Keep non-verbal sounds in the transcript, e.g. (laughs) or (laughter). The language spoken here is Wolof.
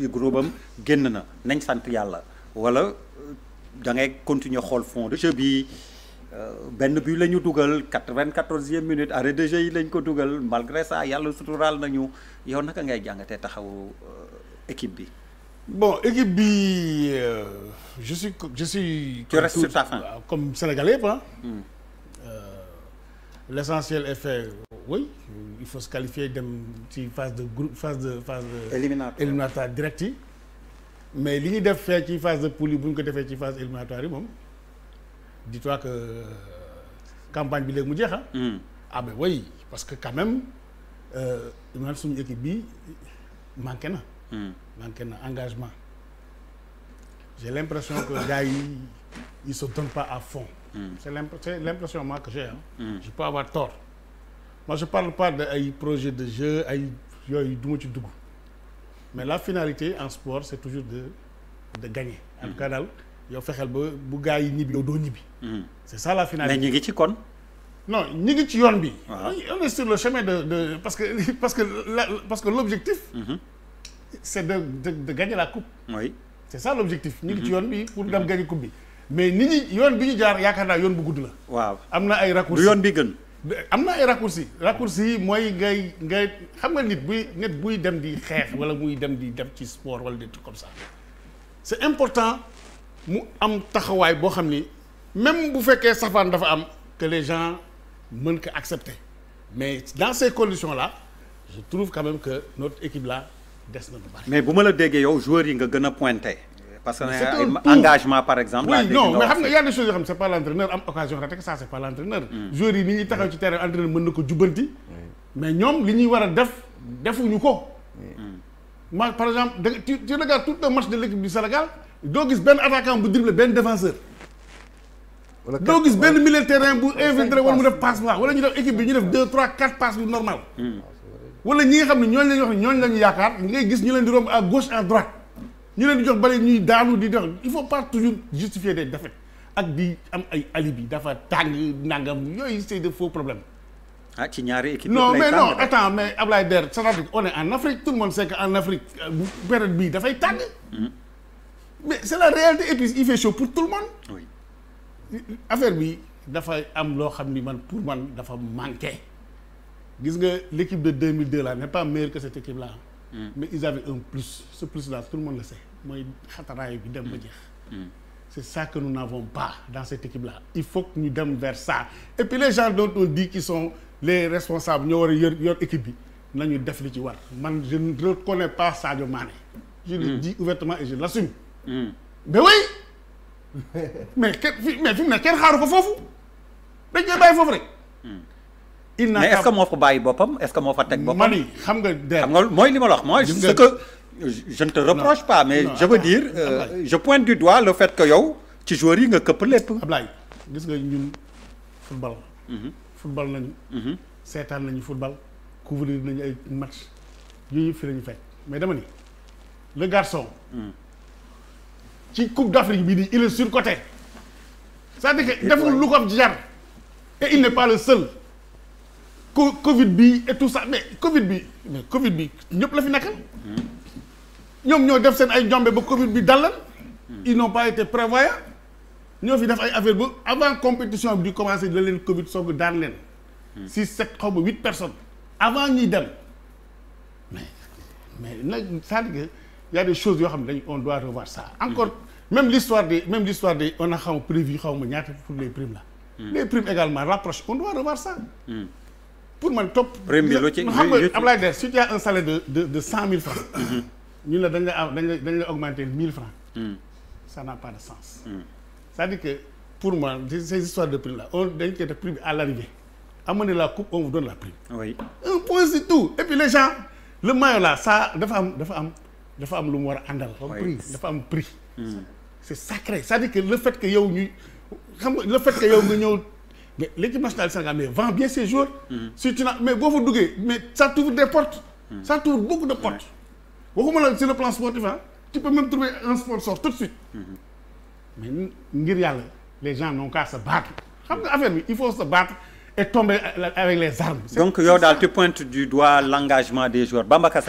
ci groupe am génn na nañ sant yàlla wala euh, da ngay continuer xool fond de jeu bi euh, benn bi la ñu dugal quatre-vingt-quatorzième minute arrêt de jeu yi lañ ko dugal malgré ça yàlla suturaal nañu yow naka ngay jàngatee taxaw euh, équipe bi. bon équipe bi euh, je suis je suis. tu comme sénégalais yëpp ah. Hmm. l'essentiel est oui il faut se qualifier dem ci phase de groupe phase de phase de. éliminatoire direct yi. mais li ñu def fee ci phase de poule yi bu ñu ko defee ci phase éliminatoire yi moom dis-toi que euh, campagne bi léegi mu jeex ah, hmm. ah ben parce que quand même euh, maanaam suñu équipe bi manqué na. Hmm. manqué na engagement. j'ai l'impression que gars yi ils se donnent pas à fond. Mm. c'est l'impression moi que j'ai hmm. je peux avoir tort. moi je par pas de ay projet de jeu ay yooyu du ma ci dugg mais la finalité en sport c'est toujours de de gagner en tout daal yow fexeel ba bu gaa yi ñibbi yow doo ñibbi hmm. c'est ça la finalité mais ñu ngi ci kon non ñu ngi ci yoon bi ah. on est le chemin de parce que (laughs) parce que la parce que l'objectif mm-hmm. c'est de, de de la coupe oui c'est ça l'objectif ñu ngi ci hmm. yoon bi pour dam hmm. gagner coupe bi mais nit ñi yoon bi ñu jaar yaakaar naa yoon bu gudd la waaw am na ay raccourcis du yoon bi gën am na ay raccourci raccourci yi mooy ngay ngay xam nga nit buy nit buy dem di xeex wala muy dem di def ci sport wala des trucs comme ça c'est important mu am taxawaay boo xam ni même bu fekkee safaan dafa am que les mën ko accepter mais dans ces conditions là je trouve quand même que notre équipe là des na lu bari mais bu ma la déggee yow joueurs yi nga gën a pointé parce que engagement par exemple. oui non mais xam nga y a yoo xam ne c' est am occasion raté que ça c' est pas l' entraîneur. Mm. ni ñuy taxaw ci terrain entraîneur mën na ko jubbanti. mais ñoom li ñuy war a def defuñu ko. Mm. ma par exemple tu tu regardes match de l' équipe du Sénégal doo gis benn attaquant bu dribble benn défenseur. wala doo gis benn milieu terrain bu infiltré wala mu def passe baax wala ñu def équipe bi ñu def 2 3 4 passes yu mm. xam ne ñooñu la wax ñooñu la ñu yaakaar ngay gis ñu leen di ñu leen di jox bale ñuy daanu di dox il faut pas toujours justifier des défaites ak di am ay alibi dafa tàng nangam yooyu c'est de faux problèmes. ah ci ñaari équipe non mais non attends mais Der c'est-à-dire on est en Afrique tout le monde sait que en Afrique euh, période bii dafay tàng. Mm-hmm. mais c'est la réalité et puis il fait chaud pour tout le monde. oui affaire bi dafay am loo xam ni man pour man dafa manqué. gis nga l'équipe de 2002 là n'est pas meilleure que cette équipe là. Hmm. mais ils avaient un plus ce plus là tout le monde le sait mooy xataraayu bi dem ba jeex. Hmm. c'est ça que nous n'avons pas dans cette équipe là il faut ñu dem vers ça et puis les gens dont on dit qu'ils les responsables ñoo war a yor équipe bi nañu def li ci war man je ne reconnais pas Sadio Mané. je le hmm. dis ouvertement et je l'assume. mais oui (laughs) mais kenn xaaru ko foofu dañ koy bàyyi foofu rek. il mais est-ce que moo fa bàyyi boppam est-ce que moo fa teg boppam. mani xam nga der xam nga mooy li ma la mooy. ce que je ne te reproche pas. mais je veux dire euh, je pointe du doigt le fait que yow ci joueurs yi nga këpp lépp. Ablaye gis nga ñun football. Mhm. football nañu. Mhm. seetaan nañu football couvrir nañu ay match yooyu yëpp fi lañu fekk mais dama ni le garçon. Mm. ci coupe d'Afrique bii nii il est surcoté. c'est-à-dire que deful lu ko jar. et il n'est pas le seul. co Covid bi et sax ça mais Covid bi mais Covid bi ñëpp la fi nekkal. ñoom ñoo def seen ay jombe ba Covid bi dalal. ils n'ont pas été prévoyants. ñoo fi def ay affaire ba avant compétition bi di commencer la leen Covid soog daan leen. six sept xaw ma huit personnes. avant ñuy dem mais mais nag c'est-à-dire que y yoo xam ne dañ on doit revoir ça. encore même l'histoire des même l'histoire des on a xaw prévu xaw ma ñaata pour les primes la mm. les primes également rapprochent on doit pour man topp. rem bi lu ci xam nga Ablaye Der si tu as un salaire de de de cent mille francs. ñu ne dañ la hmm. hmm. pour moi ces de prime la coupe on vous donne la prime. oui un le maillot là ça dafa am dafa am dafa am lu mu war a àndal. dafa am prix. Hmm. c'est sacré c'est-à-dire que le fait que yow ñuy xam que yow nga ñëw. mais l'équipe nationale du Sénégal mais vend bien ses joueurs. Mm-hmm. si tu na mais boo fa duggee mais ça t'ouvre des portes. Mm-hmm. ça t'ouvre beaucoup de portes. waxuma la si le plan sportif ah tu peux même trouver un sponsor tout de suite. Mm-hmm. mais ngir yàlla les gens n'ont qu'à se battre xam nga affaire bi il faut sa battre et tomber avec les armes. donc yow daal tu pointes du doigt l'engagement des joueurs Bamba